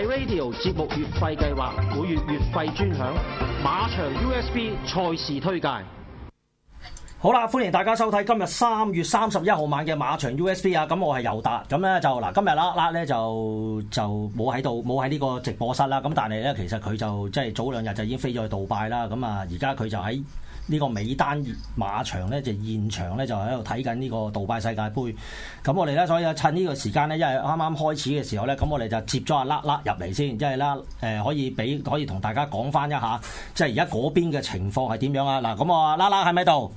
係 radio 節目月費計劃，每月月費專享馬場 USB 賽事推介。好啦，歡迎大家收睇今日三月三十一號晚嘅馬場 USB 啊！咁我係尤達，咁、啊、咧就嗱、啊、今日啦，啦、啊、咧就就冇喺度，冇喺呢個直播室啦。咁、啊、但係咧、啊，其實佢就即係早兩日就已經飛咗去杜拜啦。咁啊，而家佢就喺呢個美丹馬場咧就現場咧就喺度睇緊呢個杜拜世界盃。咁我哋咧，所以趁呢個時間咧，因為啱啱開始嘅時候咧，咁我哋就接咗阿 LakLak 入嚟先，因為拉誒、呃、可以俾可以同大家講翻一下，即係而家嗰邊嘅情況係點樣啊？嗱，咁我話 LakLak 喺咪度？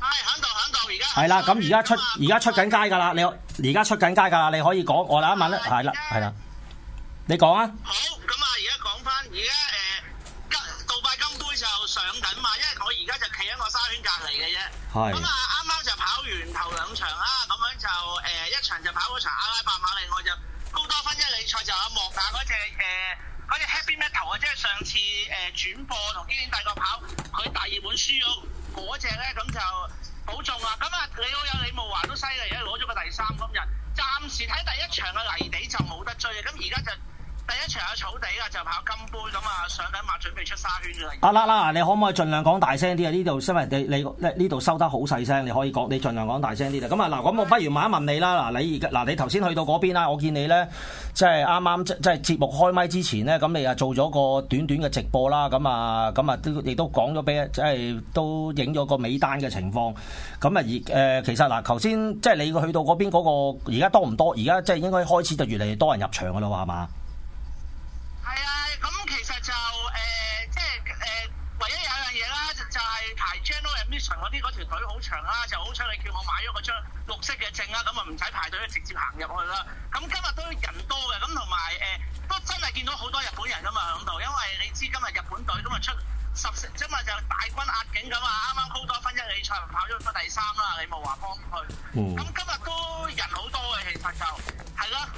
係響度，響度，而家。係啦，咁而家出而家出緊街㗎啦，你而家出緊街㗎啦，你可以講我哋一問啦，係啦在，係啦，你講啊。好，咁啊，而家講翻而家誒杜拜金杯就上緊。我，我而家就企喺個沙圈隔離嘅啫，咁啊啱啱就跑完頭兩場啦，咁樣就誒、呃、一場就跑嗰場阿拉伯馬，另外就高多芬一哩賽就阿莫亞嗰隻誒嗰隻 Happy Metal、呃、隻啊，即係上次誒轉播同經典大個跑佢第二本輸咗我隻咧，咁就好中啊！咁啊李老友李慕華都犀利啊，攞咗個第三今日，暫時睇第一場嘅泥地就冇得追啊，咁而家就。第一場啊，草地啊，就跑金杯咁啊，上緊馬準備出沙圈啦。阿拉、啊啊、你可唔可以儘量講大聲啲啊？呢度因為你你呢度收得好細聲，你可以講你儘量講大聲啲啦。咁啊嗱，咁我不如問一問你啦。嗱、啊，你而嗱、啊、你頭先去到嗰邊啦，我見你咧即係啱啱即即係節目開咪之前咧，咁你啊做咗個短短嘅直播啦，咁啊咁啊亦都講咗俾即係都影咗、就是、個尾單嘅情況。咁啊而誒、呃，其實嗱，頭先即係你去到嗰邊嗰、嗰個，而家多唔多？而家即係應該開始就越嚟越多人入場噶啦，話嘛？其實就誒、呃，即係誒、呃，唯一有樣嘢啦，就係、是、排 General Admission 嗰啲嗰條隊好長啦，就好彩你叫我買咗嗰張綠色嘅證啦，咁啊唔使排隊，直接行入去啦。咁今日都人多嘅，咁同埋誒都真係見到好多日本人㗎嘛，響度，因為你知今日日本隊咁啊出十，即係嘛就大軍壓境咁啊，啱啱高多芬一哩賽跑咗個第三啦，你冇話幫佢，咁、哦、今日都人好多嘅，其實就係啦。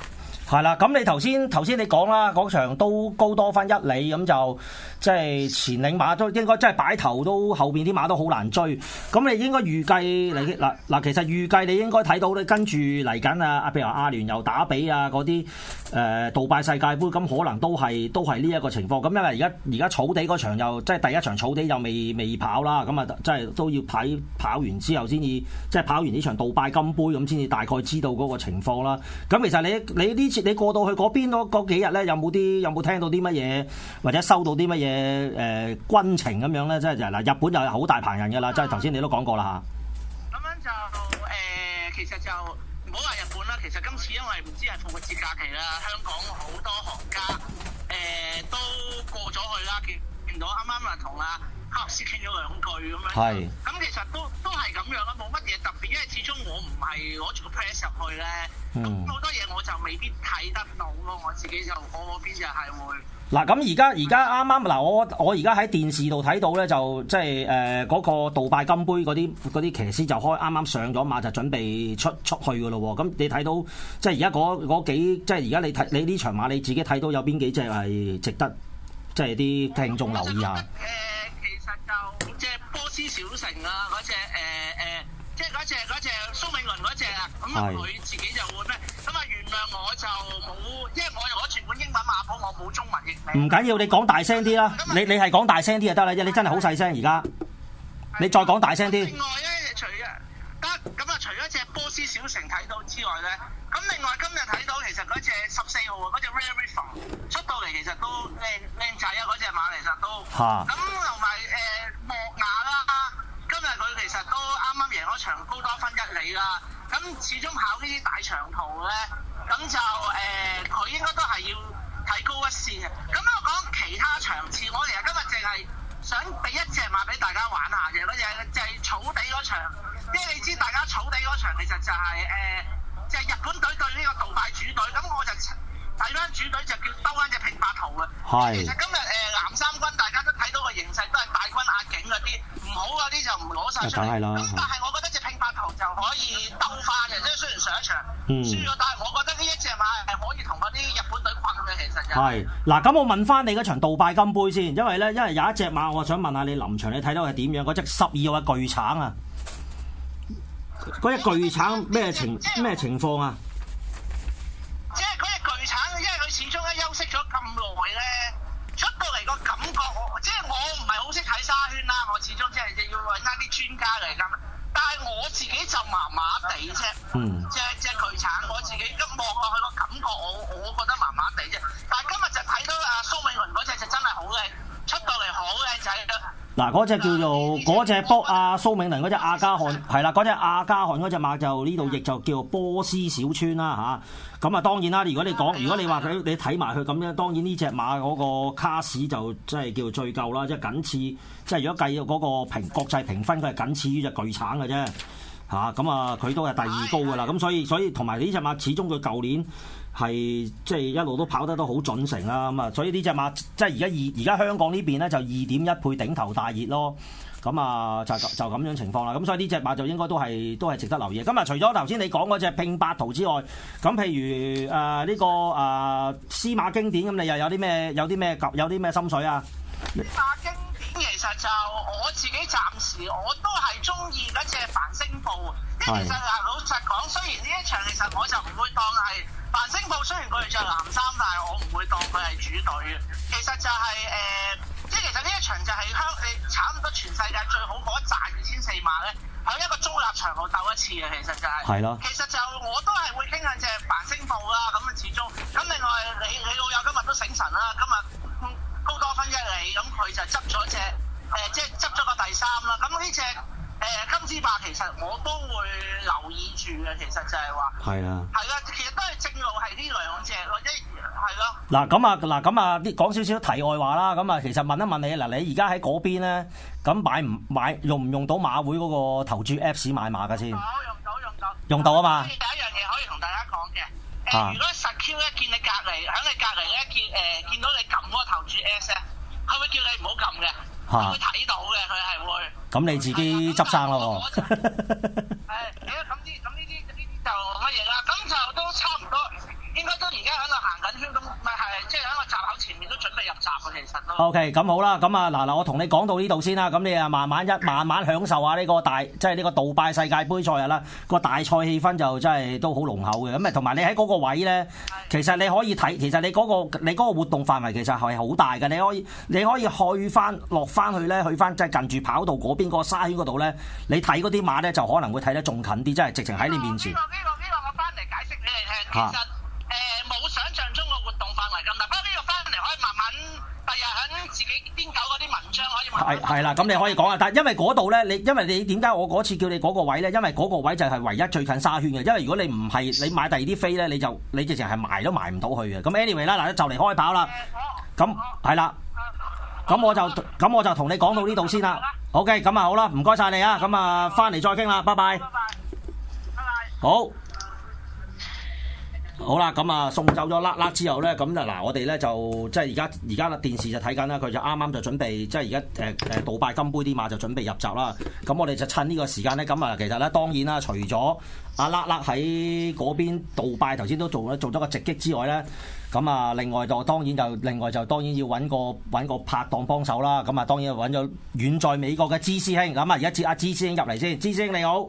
係啦，咁你頭先頭先你講啦，嗰、那個、場都高多返一釐咁就。即係前領馬都應該即係擺頭都後邊啲馬都好難追。咁你應該預計你嗱嗱，其實預計你應該睇到咧，跟住嚟緊啊，啊譬如話阿聯酋打比啊，啲誒、呃、杜拜世界盃，咁可能都係都係呢一個情況，咁因為而家而家草地場又即係第一場草地又未未跑啦，咁啊即係都要睇跑完之後先至，即係跑完呢場杜拜金杯咁先至大概知道個情況啦。咁其實你你呢次你過到去嗰邊嗰幾日咧，有冇啲有冇聽到啲乜嘢，或者收到啲乜嘢？嘅誒、呃、軍情咁樣咧，即係嗱，日本又有好大棚人嘅啦，即係頭先你都講過啦嚇。咁樣就誒、呃，其實就唔好話日本啦，其實今次因為唔知係復活節假期啦，香港好多行家誒、呃、都過咗去啦。我啱啱又同阿克斯傾咗兩句咁樣，咁其實都都係咁樣啦，冇乜嘢特別，因為始終我唔係攞住個 press 入去咧，咁好多嘢我就未必睇得到咯。我自己就我嗰邊就係會。嗱咁而家而家啱啱嗱我我而家喺電視度睇到咧，就即係誒嗰個杜拜金杯嗰啲啲騎師就開啱啱上咗馬就準備出出去噶咯喎。咁、嗯、你睇到即係而家嗰幾即係而家你睇你呢場馬你自己睇到有邊幾隻係值得？即係啲聽眾留意下。誒，其實就隻波斯小城啊，嗰隻誒誒，即係嗰隻嗰隻蘇美雲嗰隻啊，咁啊佢自己就咩？咁啊原諒我就冇，因為我我全本英文馬譜，我冇中文譯名。唔緊要，你講大聲啲啦！你你係講大聲啲就得啦，即係你真係好細聲而家。你再講大聲啲。另外咧，除得咁啊，除咗隻波斯小城睇到之外咧，咁另外今日睇到其實嗰隻十四號啊，嗰隻 Rare Riffle。其實都靚靚仔啊！嗰隻馬其實都啊，咁同埋誒莫亞啦，今日佢其實都啱啱贏咗場高多分一厘啦。咁始終跑呢啲大長途咧，咁就誒佢、呃、應該都係要睇高一線嘅。咁我講其他場次，我哋其實今日淨係想俾一隻馬俾大家玩下嘅。嗰隻就係、是、草地嗰場，因為你知大家草地嗰場其實就係、是、誒、呃，就係、是、日本隊對呢個杜拜主隊。咁我就。睇翻主隊就叫兜翻隻拼百圖嘅。是其實今日誒、呃、藍三軍，大家都睇到個形勢都係大軍壓境嗰啲，唔好嗰啲就唔攞晒出嚟。咁、嗯、但係我覺得隻拼百圖就可以兜翻，人即係雖然上一場輸咗、嗯，但係我覺得呢一隻馬係可以同嗰啲日本隊困嘅。其實係、就、嗱、是，咁我問翻你嗰場杜拜金杯先，因為咧，因為有一隻馬，我想問下你臨場你睇到係點樣？嗰隻十二號嘅巨橙，隻巨橙，隻巨橙啊，嗰隻巨橙咩情咩情況啊？嗯、隻隻巨橙，我自己一望落去個感覺我，我我覺得麻麻地啫。但係今日就睇到阿蘇銘倫嗰隻就真係好靚，出到嚟好靚仔啦。嗱，嗰隻、啊、叫做嗰隻波阿蘇銘倫嗰隻亞加汗係啦，嗰隻亞加汗，嗰隻馬就呢度亦就叫波斯小村啦，吓。咁啊，當然啦，如果你講，啊、如果你話佢的，你睇埋佢咁樣，當然呢隻馬嗰個卡士就真係叫做最舊啦，即係僅次即係、就是就是、如果計嗰個評國際評分，佢係僅次於隻巨橙嘅啫。嚇，咁啊，佢都係第二高噶啦，咁、嗯、所以所以同埋呢隻馬始終佢舊年係即係一路都跑得都好準成啦，咁啊所以呢隻馬即係而家二而家香港呢邊咧就二點一倍頂頭大熱咯，咁啊就就咁樣情況啦，咁、啊、所以呢隻馬就應該都係都係值得留意。咁啊除咗頭先你講嗰隻拼百圖之外，咁譬如誒呢、啊呢個誒《司、啊、馬經典》咁，你又有啲咩有啲咩有啲咩心水啊？就我自己暫時我都係中意嗰隻繁星報，因為其實嗱，老實講，雖然呢一場其實我就唔會當係繁星報，雖然佢哋着藍衫，但係我唔會當佢係主隊。其實就係、是、誒，即、呃、係其實呢一場就係香你差唔多全世界最好嗰一扎二千四碼咧，喺一個中立場度鬥一次嘅，其實就係、是。係咯。其實就我都係會傾向隻繁星報啦，咁啊始終。咁另外你，你李老友今日都醒神啦，今日高多芬一嚟，咁佢就執咗隻。誒、呃，即係執咗個第三啦。咁呢隻誒金絲霸其實我都會留意住嘅。其實就係話係啊，係啦的，其實都係正路係呢兩隻咯，即係係咯。嗱咁啊，嗱咁啊，啲講少少題外話啦。咁啊，其實問一問你，嗱、啊、你而家喺嗰邊咧，咁、嗯、買唔買用唔用到馬會嗰個投注 Apps 買馬噶先？好，用到，用到用到，用到啊嘛！第一樣嘢可以同大家講嘅，誒，如果實 Q 咧見你隔籬喺你隔籬咧見誒、呃、見到你撳個投注 Apps 咧，係咪叫你唔好撳嘅？吓，佢睇到嘅，佢係會咁你 自己執生咯，係咁咁咁，呢呢啲啲就、哎、呢啲就乜嘢啦？咁就都差唔多。應該都而家喺度行緊圈，咁咪係即係喺個閘口前面都準備入閘啊！其實咯。OK，咁好啦，咁啊嗱嗱，我同你講到呢度先啦，咁你啊慢慢一慢慢享受下呢個大，即係呢個杜拜世界盃賽日啦，個大賽氣氛就真係都好濃厚嘅。咁啊同埋你喺嗰個位咧，其實你可以睇，其實你嗰個你嗰個活動範圍其實係好大嘅。你可以你可以去翻落翻去咧，去翻即係近住跑道嗰邊嗰個沙圈嗰度咧，你睇嗰啲馬咧就可能會睇得仲近啲，即係直情喺你面前。呢個呢個我翻嚟解釋你哋聽。啊誒，冇想象中個活動範圍咁大，不過呢個翻嚟可以慢慢第日喺自己編搞嗰啲文章可以。係係啦，咁你可以講啊，但因為嗰度咧，你因為你點解我嗰次叫你嗰個位咧？因為嗰個位就係唯一最近沙圈嘅。因為如果你唔係你買第二啲飛咧，你就你直情係埋都埋唔到去嘅！咁 anyway 啦，嗱就嚟開跑啦，咁係啦，咁我就咁我就同你講到呢度先啦。OK，咁啊好啦，唔該晒你啊，咁啊翻嚟再傾啦，拜拜。好。好啦，咁啊送走咗拉拉之後咧，咁就嗱，我哋咧就即係而家而家電視就睇緊啦，佢就啱啱就準備即係而家誒誒杜拜金杯啲馬就準備入閘啦。咁我哋就趁呢個時間咧，咁啊其實咧當然啦，除咗阿拉拉喺嗰邊杜拜頭先都做咧做咗個直擊之外咧，咁啊另外就當然就另外就當然要揾個揾個拍檔幫手啦。咁啊當然揾咗遠在美國嘅 G 師兄。咁啊而家接阿 G 師兄入嚟先，G 師兄你好。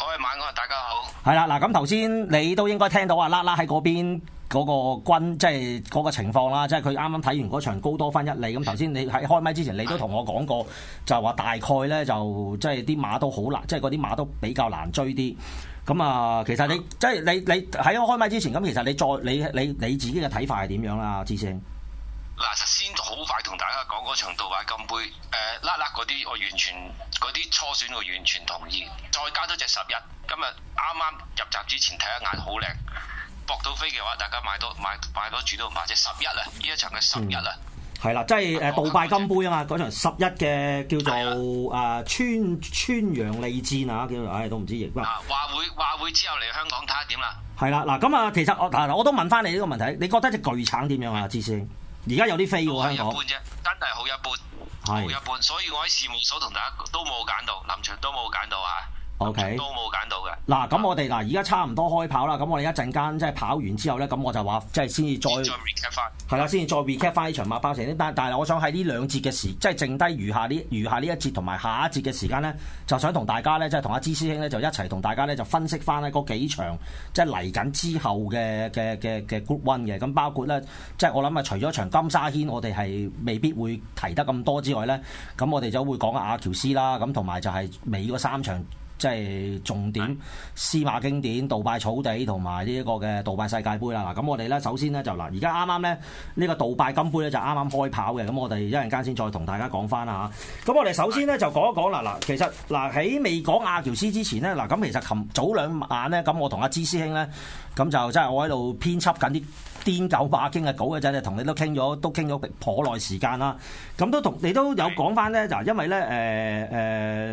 各位晚安，大家好。係 啦樂，嗱、嗯，咁頭先你都應該聽到啊，LakLak 喺嗰邊嗰個軍，即係嗰個情況啦，即係佢啱啱睇完嗰場高多芬一哩。咁頭先你喺開咪之前，你都同我講過，嗯、就話大概咧就即係啲馬都好難，即係嗰啲馬都比較難追啲。咁、嗯、啊，其實你、嗯、即係你你喺我開咪之前，咁其實你再你你你自己嘅睇法係點樣啊，志勝？嗱，先好快同大家講嗰場杜拜金杯誒，LakLak 嗰啲，拉拉我完全嗰啲初選我完全同意，再加多隻十一，今日啱啱入閘之前睇一眼，好靚，博到飛嘅話，大家買多買買多注都唔錯，隻十一啊，呢一場嘅十一啊，係、嗯、啦，即係誒杜拜金杯啊嘛，嗰場十一嘅叫做誒川川洋利戰啊，叫做，唉了、啊啊哎、都唔知名。話、啊、會話會之後嚟香港睇下點啦。係啦，嗱咁啊，其實我嗱我都問翻你呢個問題，你覺得隻巨橙點樣啊，志先？而家有啲飛喎，香港一般啫，真係好一般，是好一般，所以我喺事務所同大家都冇揀到，臨場都冇揀到啊。O Okay . K，都冇揀到嘅。嗱、啊，咁我哋嗱，而家、啊、差唔多開跑啦。咁我哋一陣間即係跑完之後咧，咁我就話即係先至再再 r 係啦，先至對再 recap 翻呢場馬包成啲，但係我想喺呢兩節嘅時，即係剩低餘下呢餘下呢一節同埋下一節嘅時間咧，就想同大家咧，即係同阿芝師兄咧，就一齊同大家咧就分析翻咧嗰幾場即係嚟緊之後嘅嘅嘅嘅 Group One 嘅。咁包括咧，即係我諗啊，除咗場金沙軒，我哋係未必會提得咁多之外咧，咁我哋就會講阿阿喬斯啦，咁同埋就係尾嗰三場。即係重點，司馬經典、杜拜草地同埋呢一個嘅杜拜世界盃啦。嗱，咁我哋咧首先咧就嗱，而家啱啱咧呢、呢個杜拜金杯咧就啱啱開跑嘅。咁我哋一陣間先再同大家講翻啦嚇。咁我哋首先咧就講一講啦嗱。其實嗱喺未講阿喬斯之前咧嗱，咁其實琴早兩晚咧咁我同阿芝師兄咧咁就即係我喺度編輯緊啲癲狗霸傾嘅稿嘅，真同你都傾咗，都傾咗頗耐時間啦。咁都同你都有講翻咧。嗱，因為咧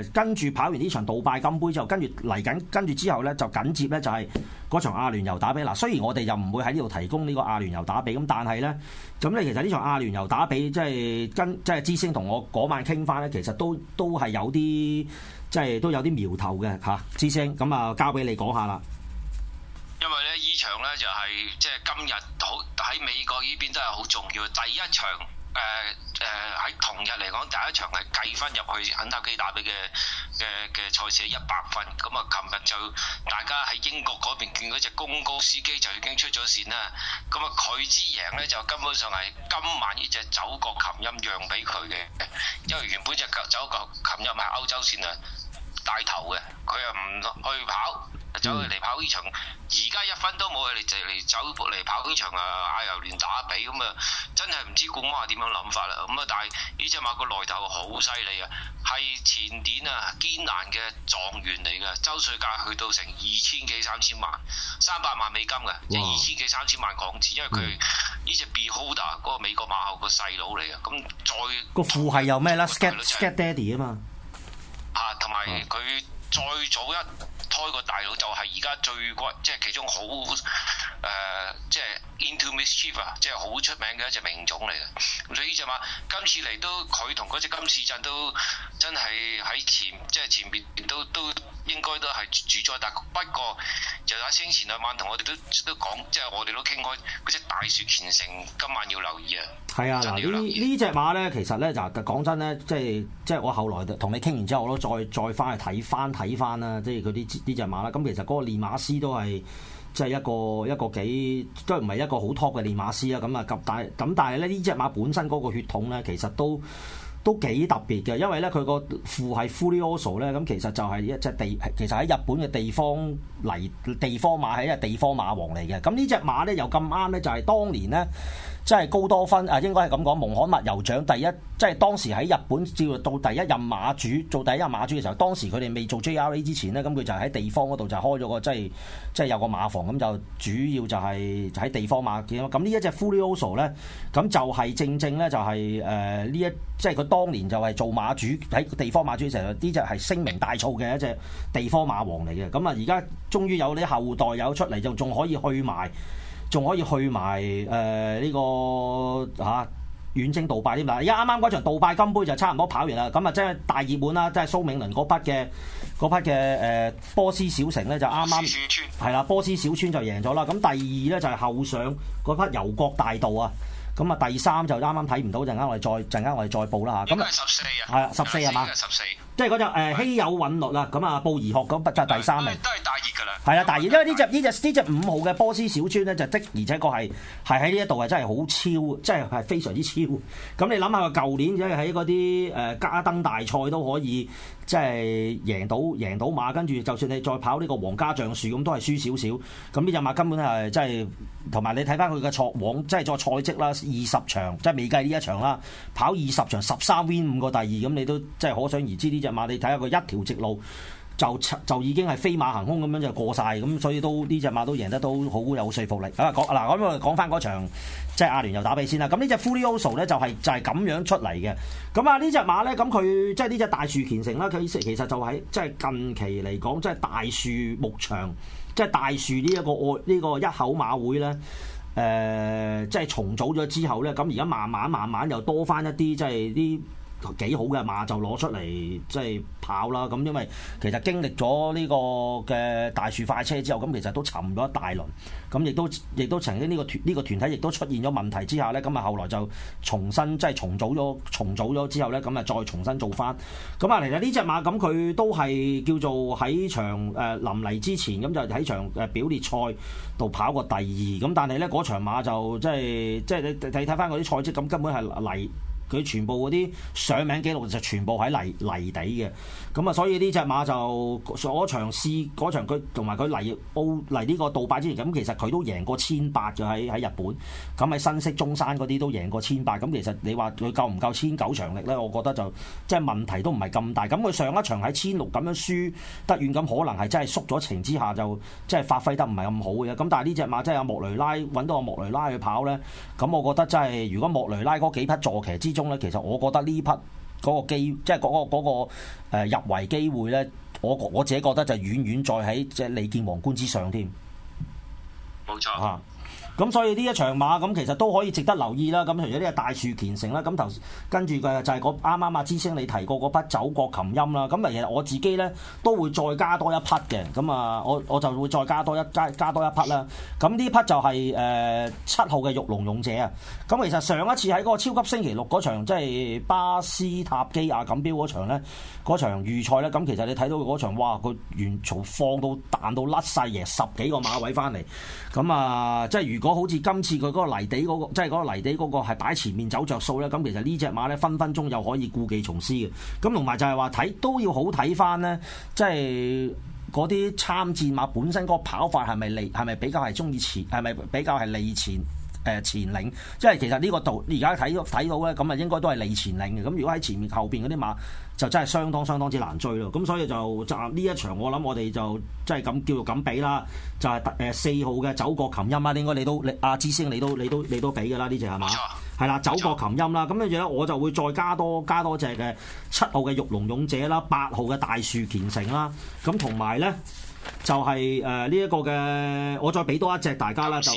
誒誒跟住跑完呢場杜拜金杯之後，跟住嚟緊跟住之後咧，就緊接咧就係、是、嗰場阿聯酋打比。嗱，雖然我哋又唔會喺呢度提供呢個阿聯酋打比，咁但係咧，咁你其實呢場阿聯酋打比，即係跟即係之星同我嗰晚傾翻咧，其實都都係有啲即係都有啲苗頭嘅嚇。之星咁啊，就交俾你講下啦。場咧就係、是、即係今日好喺美國呢邊都係好重要，第一場誒誒喺同日嚟講，第一場係計分入去肯塔基打比嘅嘅嘅賽事一百分。咁啊，琴日就大家喺英國嗰邊見嗰隻公高司機就已經出咗線啦。咁啊，佢之贏咧就根本上係今晚呢隻走國琴音讓俾佢嘅，因為原本隻走國琴音係歐洲線啊帶頭嘅，佢又唔去跑。走去嚟跑呢場，而家一分都冇，嚟就嚟走嚟跑呢場啊，又亂打比咁啊！真係唔知姑媽點樣諗法啦。咁啊，但係呢隻馬個來頭好犀利啊，係前年啊艱難嘅狀元嚟嘅。周歲價去到成二千幾三千萬，三百萬美金嘅，即二千幾三千萬港紙，因為佢呢隻、mm. Beholder 嗰個美國馬后個細佬嚟嘅，咁再個父系又咩啦 Scat Daddy 啊嘛，就是、啊，同埋佢再早一。開個大佬就係而家最骨，即係其中好誒、呃，即係 Into Mischief 啊，即係好出名嘅一隻名種嚟嘅。你就話今次嚟都佢同嗰隻金士鎮都真係喺前，即係前邊都都。都應該都係主宰，但不過就阿星前兩晚同我哋都都講，即係我哋都傾開嗰隻大雪虔誠今晚要留意啊！係啊，嗱呢呢隻馬咧，其實咧就講真咧，即係即係我後來同你傾完之後，我都再再翻去睇翻睇翻啦，即係嗰啲呢隻馬啦。咁其實嗰個練馬師都係即係一個一個幾都唔係一個好 top 嘅練馬師啊。咁啊，及但咁但係咧呢隻馬本身嗰個血統咧，其實都～都幾特別嘅，因為咧佢個父係 Furioso 咧，咁其實就係一隻地，其實喺日本嘅地方嚟，地方馬，係一隻地方馬王嚟嘅。咁呢隻馬咧又咁啱咧，就係當年咧。即係高多芬啊，應該係咁講。蒙罕默酋長第一，即係當時喺日本照到第一任馬主做第一任馬主嘅時候，當時佢哋未做 JRA 之前呢，咁佢就喺地方嗰度就開咗個即係即係有個馬房，咁就主要就係喺地方馬嘅。咁呢一隻 Furioso 咧，咁就係、是、正正咧就係誒呢一即係佢當年就係做馬主喺地方馬主嘅時候，呢隻係聲名大噪嘅一隻地方馬王嚟嘅。咁啊而家終於有啲後代有出嚟，就仲可以去賣。仲可以去埋誒呢個嚇、啊、遠征杜拜添嗱，而家啱啱嗰場杜拜金杯就差唔多跑完啦，咁啊即係大熱門啦，即係蘇銘倫嗰匹嘅嗰匹嘅誒波斯小城咧就啱啱係啦，波斯小村就贏咗啦，咁第二咧就係、是、後上嗰匹遊國大道啊，咁啊第三就啱啱睇唔到，陣間我哋再陣間我哋再報啦嚇，咁啊係啊十四係嘛？即係嗰隻誒稀有韻律啦，咁啊布兒學嗰筆就第三名，都係大熱噶啦。係啦、啊，大熱，因為呢隻呢隻呢隻五號嘅波斯小村咧，就的，而且確係係喺呢一度啊，真係好超，即係係非常之超。咁你諗下，佢舊年即係喺嗰啲誒加登大賽都可以即係、就是、贏到贏到馬，跟住就算你再跑呢個皇家橡樹咁，都係輸少少。咁呢隻馬根本係即係同埋你睇翻佢嘅賽往，即係再賽績啦，二十場即係未計呢一場啦，跑二十場十三 win 五個第二，咁你都即係可想而知呢隻。隻馬你睇下佢一條直路就就已經係飛馬行空咁樣就過晒。咁所以都呢隻馬都贏得都好有說服力。啊、嗯、講嗱，咁、嗯、我講翻嗰場即係阿聯又打比先啦。咁呢隻 Furioso 咧就係、是、就係、是、咁樣出嚟嘅。咁啊呢隻馬咧，咁佢即係呢隻大樹虔誠啦。佢其實就喺即係近期嚟講，即、就、係、是、大樹牧場，即、就、係、是、大樹呢、這、一個愛呢、這個這個一口馬會咧。誒、呃，即、就、係、是、重組咗之後咧，咁而家慢慢慢慢又多翻一啲即係啲。就是幾好嘅馬就攞出嚟即係跑啦。咁因為其實經歷咗呢個嘅大樹快車之後，咁其實都沉咗一大輪。咁亦都亦都曾經呢個團呢個團體亦都出現咗問題之下咧，咁啊後來就重新即係重組咗重組咗之後咧，咁啊再重新做翻。咁啊，其實呢隻馬咁佢都係叫做喺場誒臨嚟之前咁就喺場誒表列賽度跑過第二。咁但係咧，嗰場馬就即係即係你睇睇翻嗰啲賽績，咁根本係嚟。佢全部嗰啲上名記錄就全部喺泥泥底嘅，咁啊，所以呢隻馬就嗰場試嗰場，佢同埋佢嚟奧嚟呢個杜拜之前，咁其實佢都贏過千八嘅，喺喺日本，咁喺新潟中山嗰啲都贏過千八，咁其實你話佢夠唔夠千九場力咧？我覺得就即係、就是、問題都唔係咁大。咁佢上一場喺千六咁樣輸得遠咁可能係真係縮咗情之下，就即係、就是、發揮得唔係咁好嘅。咁但係呢隻馬真係、就是、阿莫雷拉揾到阿莫雷拉去跑咧，咁我覺得真係如果莫雷拉嗰幾匹坐騎之中咧，其實我覺得呢匹嗰個機，即係嗰、嗰個嗰、誒、嗰個、入圍機會咧，我我自己覺得就遠遠在喺即係李健皇冠之上添。冇錯。咁所以呢一場馬咁其實都可以值得留意啦。咁除咗呢個大樹鉛城啦，咁頭跟住嘅就係個啱啱啊，之星你提過嗰匹走國琴音啦。咁啊，其實我自己咧都會再加多一匹嘅。咁啊，我我就會再加多一加加多一匹啦。咁呢匹就係誒七號嘅玉龍勇者啊。咁其實上一次喺嗰個超級星期六嗰場，即係巴斯塔基亞錦標嗰場咧，嗰場預賽咧，咁其實你睇到嗰場，哇！佢完從放到彈到甩晒嘢十幾個馬位翻嚟，咁啊，即係如果我好似今次佢嗰個泥地嗰個，即係嗰個泥地嗰個係擺前面走着數咧，咁其實呢隻馬咧分分鐘又可以故技重施嘅。咁同埋就係話睇都要好睇翻咧，即係嗰啲參戰馬本身嗰個跑法係咪利係咪比較係中意前係咪比較係利前誒前領？即係其實呢個道你而家睇到睇到咧，咁啊應該都係利前領嘅。咁如果喺前面後邊嗰啲馬，就真係相當相當之難追咯，咁所以就就呢一場我諗我哋就即係咁叫做咁比啦，就係誒四號嘅走國琴音啦，應該你都你阿志升你都你都你都比嘅啦，呢隻係咪？冇錯。係啦，走國琴音啦，咁跟住咧我就會再加多加多隻嘅七號嘅玉龍勇者啦，八號嘅大樹虔誠啦，咁同埋咧就係誒呢一個嘅我再俾多一隻大家啦就。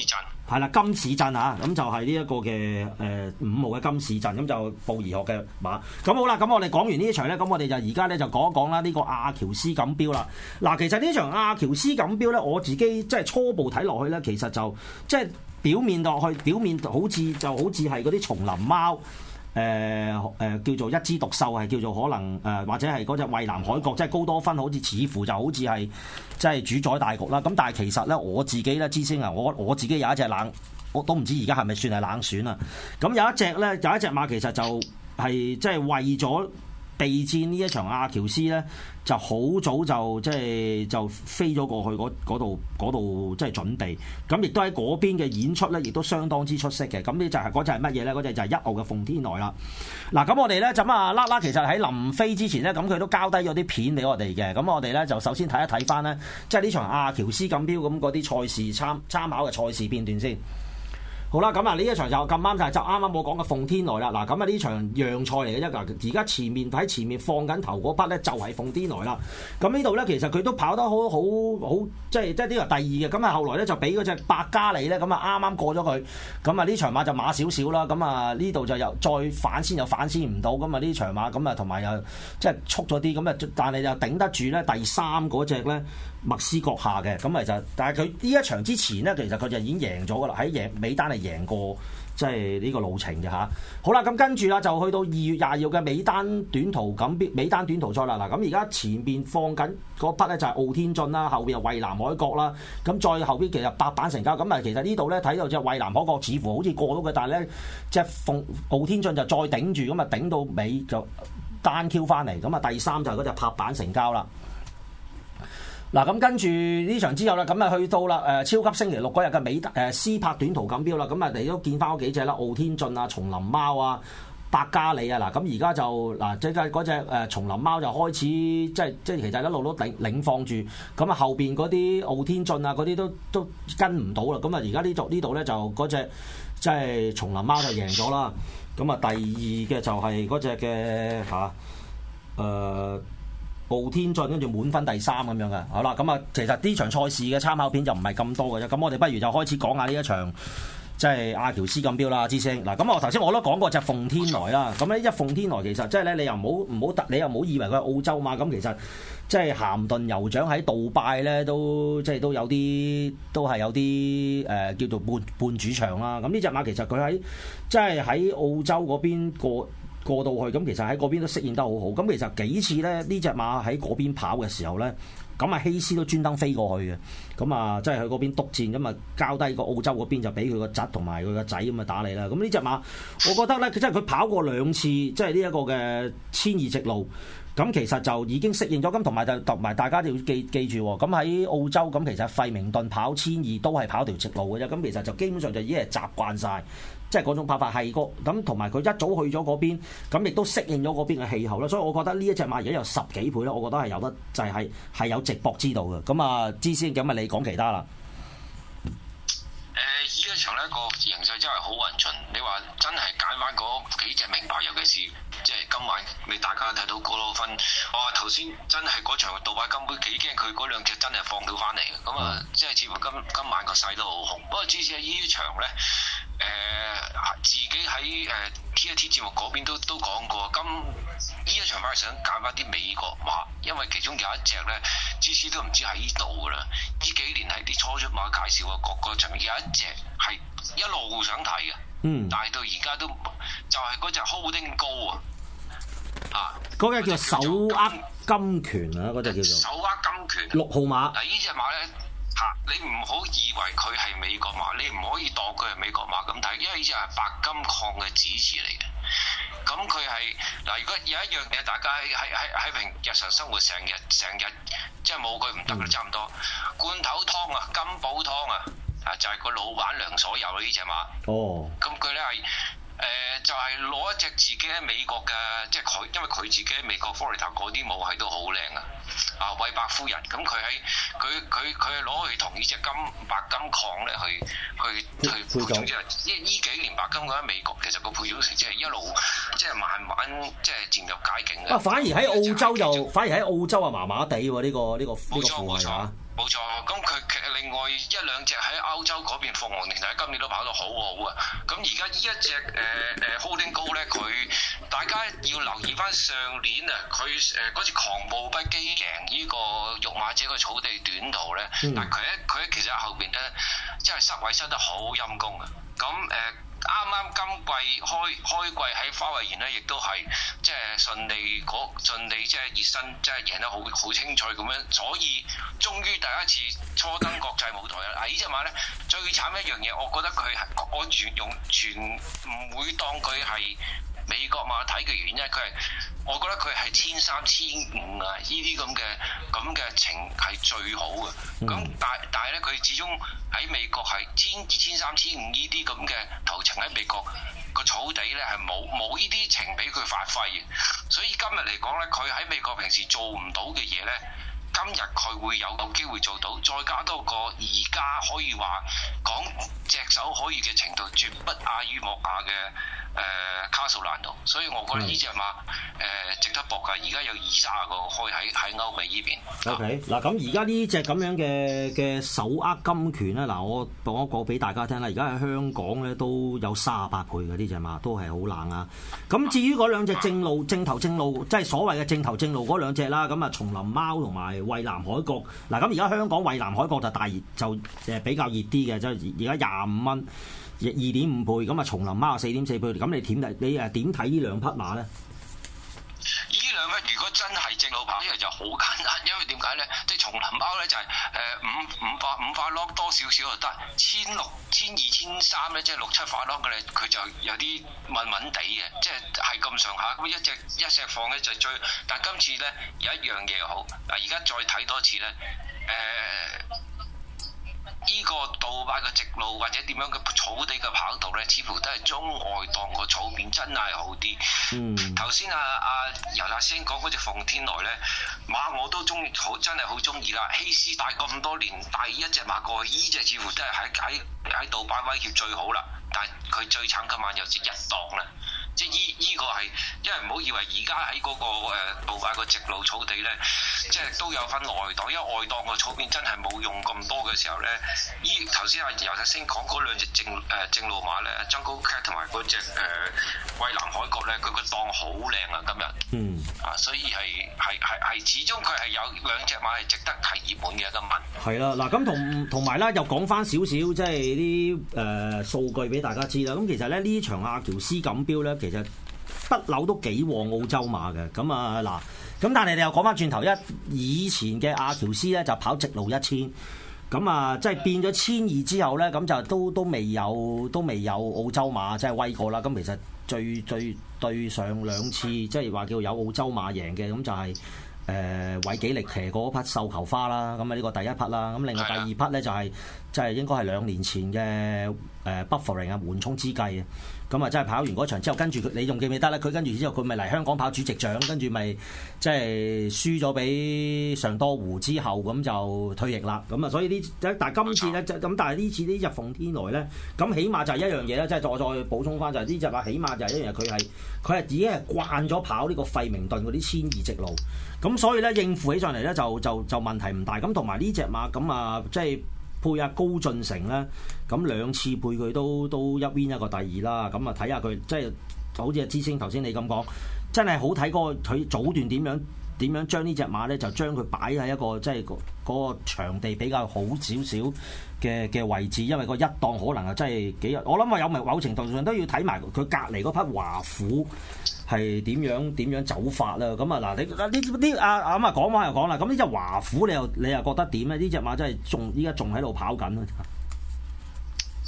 係啦，金市鎮嚇，咁就係呢一個嘅誒、呃、五毛嘅金市鎮，咁就布兒學嘅馬。咁好啦，咁我哋講完場呢場咧，咁我哋就而家咧就講一講啦，呢個阿喬斯錦標啦。嗱、啊，其實呢場阿喬斯錦標咧，我自己即係初步睇落去咧，其實就即係表面落去，表面好似就好似係嗰啲叢林貓。誒誒、呃呃、叫做一枝獨秀係叫做可能誒、呃、或者係嗰隻蔚藍海角，即係高多芬好似似乎就好似係即係主宰大局啦，咁但係其實咧我自己咧知星啊，我我自己有一隻冷，我都唔知而家係咪算係冷選啊，咁有一隻咧有一隻馬其實就係即係為咗。備戰呢一場阿喬斯呢，就好早就即係、就是、就飛咗過去嗰度度即係準備咁，亦都喺嗰邊嘅演出呢，亦都相當之出色嘅。咁呢就係、是、嗰就係乜嘢呢？嗰就係一澳嘅奉天來啦。嗱，咁我哋呢，咁啊拉拉，其實喺臨飛之前呢，咁佢都交低咗啲片俾我哋嘅。咁我哋呢，就首先睇一睇翻呢，即係呢場阿喬斯錦標咁嗰啲賽事參參考嘅賽事片段先。好啦，咁啊呢一場就咁啱就係就啱啱我講嘅奉天來啦。嗱，咁啊呢場讓賽嚟嘅啫。嗱，而家前面喺前面放緊頭嗰筆咧，就係奉天來啦。咁呢度咧其實佢都跑得好好好，即係即係呢個第二嘅。咁啊後來咧就俾嗰隻百加里咧，咁啊啱啱過咗佢。咁啊呢場馬就馬少少啦。咁啊呢度就又再反先又反先唔到。咁啊呢場馬咁啊同埋又即係速咗啲。咁、嗯、啊但係又頂得住咧。第三嗰隻咧。麥斯閣下嘅咁咪就，但係佢呢一場之前咧，其實佢就已經贏咗噶啦，喺贏美丹係贏過即係呢個路程嘅嚇。好啦，咁跟住啦就去到二月廿二號嘅美丹短途咁，美丹短途賽啦。嗱，咁而家前邊放緊嗰匹咧就係奧天進啦，後邊係蔚藍海角啦。咁再後邊其實拍板成交，咁啊其實呢度咧睇到隻蔚藍海角似乎好似過到嘅，但係咧隻鳳奧天進就再頂住，咁啊頂到尾就單 Q 翻嚟，咁啊第三就係嗰隻拍板成交啦。嗱，咁跟住呢場之後啦，咁啊去到啦，誒超級星期六嗰日嘅美誒、呃、斯拍短途錦標啦，咁啊你都見翻嗰幾隻啦，傲天進啊、叢林貓啊、百加里啊，嗱，咁而家就嗱即係嗰隻誒叢林貓就開始即係即係其實一路都領領放住，咁啊後邊嗰啲傲天進啊嗰啲都都跟唔到啦，咁啊而家呢度呢度咧就嗰隻即係叢林貓就贏咗啦，咁啊第二嘅就係嗰隻嘅嚇誒。啊呃奉天來跟住滿分第三咁樣嘅。好啦，咁啊，其實呢場賽事嘅參考片就唔係咁多嘅啫，咁我哋不如就開始講下呢一場，即、就、係、是、阿喬斯錦標啦，之星嗱，咁我頭先我都講過就奉天來啦，咁呢，一奉天來其實即係咧，你又唔好唔好突，你又唔好以為佢係澳洲嘛，咁其實即係鹹頓酋長喺杜拜咧都即係都有啲都係有啲誒、呃、叫做半半主場啦，咁呢隻馬其實佢喺即係喺澳洲嗰邊過過到去咁，其實喺嗰邊都適應得好好。咁其實幾次咧，呢隻馬喺嗰邊跑嘅時候咧，咁啊希斯都專登飛過去嘅。咁、嗯、啊，即係去嗰邊督戰，咁啊交低個澳洲嗰邊就俾佢個侄同埋佢個仔咁啊打理啦。咁呢隻馬，我覺得咧，佢真係佢跑過兩次，即係呢一個嘅千二直路。咁、嗯、其實就已經適應咗。咁同埋就同埋大家就要記記住，咁、嗯、喺澳洲咁其實費明頓跑千二都係跑條直路嘅啫。咁、嗯、其實就基本上就已經係習慣晒。即係嗰種拍法係個咁，同埋佢一早去咗嗰邊，咁亦都適應咗嗰邊嘅氣候啦。所以我覺得呢一隻馬而家有十幾倍啦，我覺得係有得就係、係、係有直播之道嘅。咁啊，之先咁咪你講其他啦。誒、呃，呢一場呢個。真係好勻循，你話真係揀翻嗰幾隻名牌，尤其是即係今晚，你大家睇到嗰多分哇！頭先真係嗰場杜拜金杯幾驚，佢嗰兩隻真係放到翻嚟咁啊！即係似乎今今晚個勢都好紅。不過 GC 喺依場咧，誒、呃、自己喺誒 T A T 節目嗰邊都都講過，今呢一場翻係想揀翻啲美國馬，因為其中有一隻咧，GC 都唔知喺呢度噶啦。呢幾年喺啲初出馬介紹啊，各各場面，有一隻係。互相睇嘅，嗯、但係到而家都就係、是、嗰隻 holding 高啊，啊，嗰隻叫手握金拳啊，嗰、那、隻、個、叫手握金拳六號馬。嗱、啊，呢隻馬咧嚇，你唔好以為佢係美國馬，你唔可以當佢係美國馬咁睇，因為呢隻係白金礦嘅指示嚟嘅。咁佢係嗱，如果有一樣嘢，大家喺喺喺喺平日常生活成日成日，日即係冇佢唔得喇，嗯、差唔多罐頭湯啊，金寶湯啊。啊！就係個老闆娘所有隻、oh. 呢隻馬哦，咁佢咧係誒就係、是、攞一隻自己喺美國嘅，即係佢，因為佢自己喺美國 Florida 嗰啲武係都好靚啊！啊，維伯韋伯夫人，咁佢喺佢佢佢攞去同呢隻金白金礦咧去去去配種，配總因為呢幾年白金嗰喺美國其實個配種成績係一路即係慢慢即係漸入佳境嘅、啊。反而喺澳洲就中反而喺澳洲啊，麻麻地喎呢個呢、這個呢、這個父系嚇。冇錯，咁佢佢另外一兩隻喺歐洲嗰邊鳳凰年，喺今年都跑得好好啊！咁而家呢一隻誒誒 holding 高咧，佢、呃、大家要留意翻上年啊，佢誒嗰次狂暴不羈贏呢個玉馬者個草地短途咧，嗯、但係佢一佢其實喺後邊咧，即係失位失得好陰功啊！咁誒。呃啱啱今季開開季喺花卉園咧，亦都係即係順利嗰順利即係熱身，即係贏得好好精彩咁樣，所以終於第一次初登國際舞台啦！嗱，依隻馬咧，最慘一樣嘢，我覺得佢係我完全全唔會當佢係。美國馬體嘅原因，佢係我覺得佢係千三千五啊，呢啲咁嘅咁嘅情係最好嘅。咁但但係咧，佢始終喺美國係千二千三千五呢啲咁嘅頭程喺美國個草地咧係冇冇呢啲情俾佢發揮嘅。所以今日嚟講咧，佢喺美國平時做唔到嘅嘢咧，今日佢會有機會做到，再加多個而家可以話講隻手可以嘅程度，絕不亞於莫亞嘅。誒、呃、卡蘇蘭度，所以我覺得呢隻馬誒、呃、值得搏㗎。而家有二十個開喺喺歐美呢邊。O K，嗱咁而家呢隻咁樣嘅嘅手握金拳咧，嗱我講一個俾大家聽啦。而家喺香港咧都有三十八倍嘅呢隻馬，都係好冷啊。咁至於嗰兩隻正路、嗯、正頭正路，即係所謂嘅正頭正路嗰兩隻啦。咁啊，叢林貓同埋蔚藍海角。嗱咁而家香港蔚藍海角就大熱，就誒比較熱啲嘅，即係而家廿五蚊。二點五倍咁啊，松林貓四點四倍，咁你點睇？你啊點睇呢兩匹馬咧？呢兩匹如果真係正路跑，呢樣就好簡單，因為點解咧？即係松林貓咧就係、是、誒、呃、五五百五百粒多少少就得，千六千二千三咧即係六七百粒嘅咧，佢就有啲穩穩地嘅，即係係咁上下。咁一隻一隻放咧就追。但係今次咧有一樣嘢好，嗱而家再睇多次咧誒。呃呢個杜拜嘅直路或者點樣嘅草地嘅跑道呢，似乎都係中外檔，個草面真係好啲。頭先，嗯、啊啊尤達聲講嗰隻奉天來呢馬我都中意，真係好中意啦。希斯帶咁多年帶一隻馬過去，呢隻似乎都係喺喺喺杜拜威脅最好啦。但係佢最慘今晚又是一檔啦。即係依依個係，因為唔好以為而家喺嗰個誒、呃、杜拜個直路草地咧，即係都有份外檔，因為外檔個草地真係冇用咁多嘅時候咧。依頭先阿尤頭先講嗰兩隻正誒、呃、正路馬咧，將高級同埋嗰隻誒蔚藍海角咧，佢個檔好靚啊！今日，嗯啊，所以係係係係，始終佢係有兩隻馬係值得提熱門嘅今日。係啦、嗯啊，嗱咁同同埋咧，又講翻少少，即係啲誒數據俾大家知啦。咁其實咧，呢場阿喬斯錦標咧。呢其實不嬲都幾旺澳洲馬嘅，咁啊嗱，咁但係你又講翻轉頭一以前嘅阿喬斯咧就跑直路一千、啊，咁啊即係變咗千二之後咧，咁就都都未有都未有澳洲馬即係、就是、威過啦。咁其實最最對上兩次即係話叫有澳洲馬贏嘅，咁就係誒韋紀力騎嗰匹繡球花啦，咁啊呢個第一匹啦，咁另外第二匹咧就係即係應該係兩年前嘅誒 Buffering 啊緩衝之計。咁啊，真係跑完嗰場之後，跟住佢，你仲記唔記得咧？佢跟住之後，佢咪嚟香港跑主席獎，跟住咪即係輸咗俾上多湖之後，咁就退役啦。咁啊，所以呢，但係今次呢，咁但係呢次呢隻奉天來呢，咁起碼就係一樣嘢咧，即係再再補充翻就係呢隻馬，起碼就係一樣嘢，佢係佢係已經係慣咗跑呢個費明頓嗰啲千二直路，咁所以呢，應付起上嚟呢，就就就問題唔大。咁同埋呢隻馬，咁啊即係。配阿高進成呢，咁兩次配佢都，都一 w 一個第二啦，咁啊睇下佢即係好似阿之星頭先你咁講，真係好睇嗰、那個佢組段點樣。點樣將隻呢隻馬咧，就將佢擺喺一個即係嗰個場地比較好少少嘅嘅位置，因為個一檔可能啊，真係幾日。我諗啊，有冇某程度上都要睇埋佢隔離嗰匹華府係點樣點樣走法啦。咁啊，嗱、啊，你呢呢啊啱啊，講話又講啦。咁呢隻華府，你又你又覺得點咧？呢隻馬真係仲依家仲喺度跑緊啊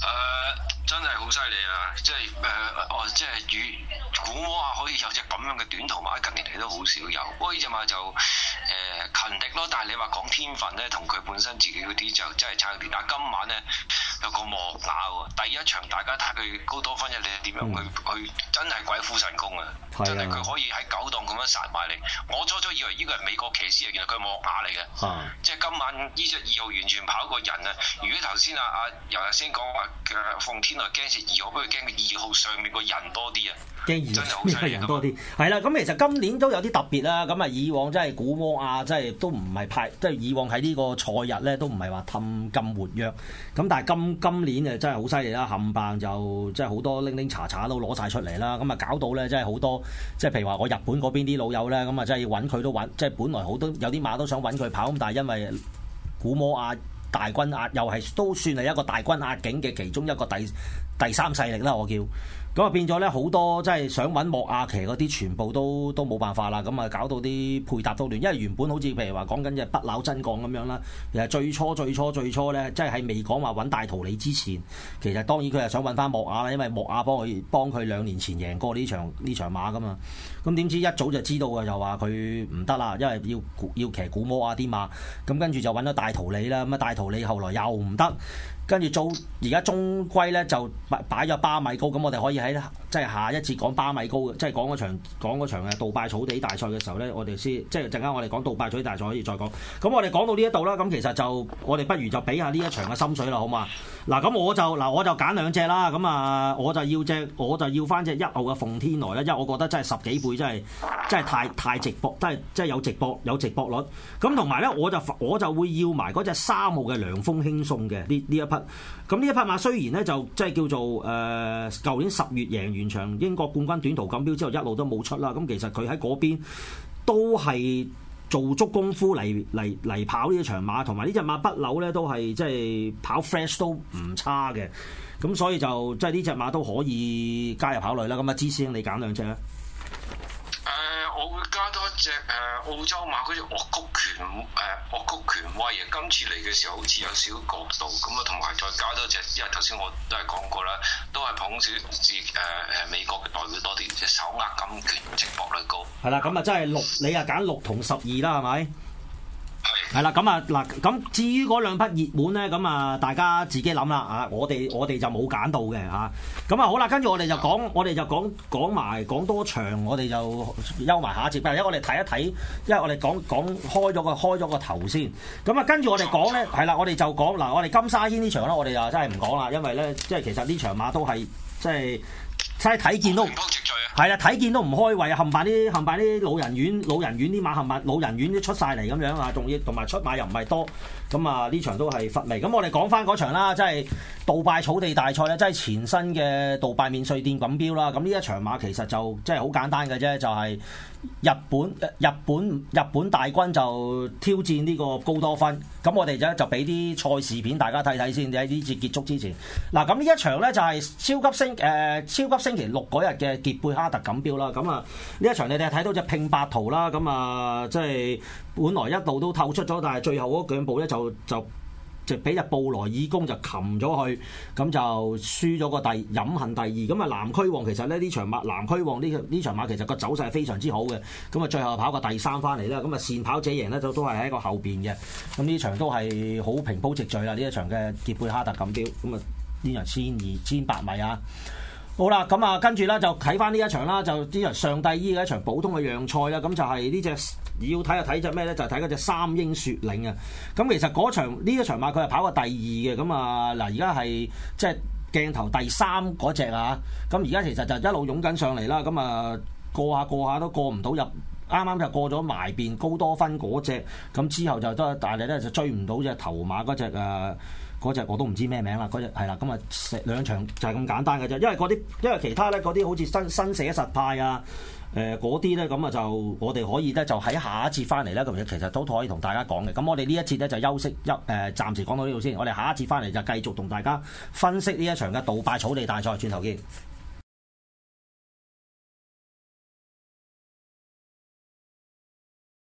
！Uh, 真係好犀利啊！即係誒、呃、哦，即係與古魔啊，可以有隻咁樣嘅短途馬，近年嚟都好少有。不過呢隻馬就誒、呃、勤力咯。但係你話講天分咧，同佢本身自己嗰啲就真係差別。但係今晚咧有個莫雅喎。第一場大家睇佢高多分一，你點樣去？佢、嗯、真係鬼斧神工啊！嗯、真係佢可以喺九檔咁樣殺埋你。我初初以為呢個係美國騎師啊，原來佢係莫雅嚟嘅。嗯、即係今晚呢隻二號完全跑過人啊！如果頭先啊啊尤達頭先講話嘅奉天。驚蝕二號，不過驚佢二號上面個人多啲啊！驚二號上面個人多啲，係啦。咁其實今年都有啲特別啦。咁啊，以往真係古摩亞，即係都唔係派，即係以往喺呢個賽日咧，都唔係話氹咁活躍。咁但係今今年啊，真係好犀利啦！冚棒，就即係好多拎拎查查都攞晒出嚟啦。咁啊搞到咧，真係好多，即係譬如話我日本嗰邊啲老友咧，咁啊真係要揾佢都揾，即係本來好多有啲馬都想揾佢跑，咁但係因為古摩亞。大軍壓又係都算係一個大軍壓境嘅其中一個第第三勢力啦，我叫。咁啊變咗咧好多，即係想揾莫亞騎嗰啲，全部都都冇辦法啦。咁啊搞到啲配搭都亂，因為原本好似譬如話講緊嘅不朽真鋼咁樣啦。其實最初最初最初咧，即係喺未講話揾大圖理之前，其實當然佢係想揾返莫亞啦，因為莫亞幫佢幫佢兩年前贏過呢場呢場馬噶嘛。咁點知一早就知道嘅就話佢唔得啦，因為要要騎古摩亞啲馬。咁跟住就揾咗大圖理啦。咁啊大圖理後來又唔得。跟住做，而家終歸咧就擺擺咗巴米高，咁我哋可以喺即係下一節講巴米高即係講嗰場講嗰場嘅杜拜草地大賽嘅時候咧，我哋先即係陣間我哋講杜拜草地大賽可以再講。咁我哋講到呢一度啦，咁其實就我哋不如就畀下呢一場嘅心水啦，好嘛？嗱，咁我就嗱我就揀兩隻啦，咁啊我就要隻我就要返隻一號嘅奉天來啦，因為我覺得真係十幾倍真係真係太太值搏，真係真係有值搏有值搏率。咁同埋咧我就我就會要埋嗰隻沙漠嘅涼風輕送嘅呢呢一匹。咁呢一匹馬雖然咧就即係叫做誒，舊年十月贏完場英國冠軍短途錦標之後，一路都冇出啦。咁其實佢喺嗰邊都係做足功夫嚟嚟嚟跑呢場馬，同埋呢隻馬是是不嬲咧都係即係跑 fresh 都唔差嘅。咁所以就即係呢隻馬都可以加入考慮啦。咁啊，芝師兄你揀兩隻。我會加多一隻誒、呃、澳洲馬嗰隻惡谷權誒惡谷權威啊、呃！今次嚟嘅時候好似有少角度咁啊，同埋再加多隻，因為頭先我都係講過啦，都係捧少自誒誒美國嘅代表多啲，手握金權，值博率高。係啦，咁啊，真係六，你啊揀六同十二啦，係咪？係啦，咁啊嗱，咁至於嗰兩匹熱門咧，咁啊大家自己諗啦啊！我哋我哋就冇揀到嘅嚇。咁啊好啦，跟住我哋就講，我哋就講講埋講多場，我哋就休埋下一節。不如我哋睇一睇，因為我哋講講開咗個開咗個頭先。咁啊，跟住我哋講咧，係啦、嗯，我哋就講嗱，我哋金沙軒呢場咧，我哋就真係唔講啦，因為咧，即係其實呢場馬都係即係。晒睇見都係啦，睇見都唔開胃啊！冚唪唥啲冚唪唥啲老人院，老人院啲馬冚唪唥，老人院都出晒嚟，咁樣啊！仲要同埋出馬又唔係多，咁啊呢場都係乏味。咁我哋講翻嗰場啦，即係杜拜草地大賽咧，即係前身嘅杜拜免稅店錦標啦。咁呢一場馬其實就即係好簡單嘅啫，就係、是。日本日本日本大軍就挑戰呢個高多芬，咁我哋咧就俾啲賽事片大家睇睇先，喺呢節結束之前。嗱，咁呢一場咧就係超級星誒超級星期六嗰日嘅傑貝哈特錦標啦。咁啊，呢一場你哋睇到隻拼百圖啦。咁啊，即係本來一度都透出咗，但係最後嗰一腳步咧就就。就就俾隻布萊爾公就擒咗去，咁就輸咗個第飲恨第二，咁啊南區王其實咧呢場馬南區王呢呢場馬其實個走勢非常之好嘅，咁啊最後跑個第三翻嚟啦，咁啊善跑者贏呢，就都係喺個後邊嘅，咁呢場都係好平鋪直敍啦，呢一場嘅杰貝哈特錦標，咁啊呢場千二千八米啊。好啦，咁啊，跟住咧就睇翻呢一場啦，就之前上帝依嘅一場普通嘅讓賽啦，咁就係呢隻要睇就睇隻咩咧，就睇嗰隻三英雪嶺嘅。咁其實嗰場呢一場馬佢係跑過第二嘅，咁啊嗱，而家係即係鏡頭第三嗰隻啊，咁而家其實就一路湧緊上嚟啦，咁啊過下過下都過唔到入，啱啱就過咗埋邊高多芬嗰隻，咁之後就都但係咧就追唔到隻頭馬嗰隻啊。嗰隻、那個、我都唔知咩名啦，嗰隻係啦，咁啊兩場就係咁簡單嘅啫，因為嗰啲因為其他咧嗰啲好似新新寫實派啊，誒嗰啲咧，咁啊就我哋可以咧就喺下一次翻嚟咧，咁其實都可以同大家講嘅。咁我哋呢一次咧就休息一誒、呃，暫時講到呢度先。我哋下一次翻嚟就繼續同大家分析呢一場嘅杜拜草地大賽，轉頭見。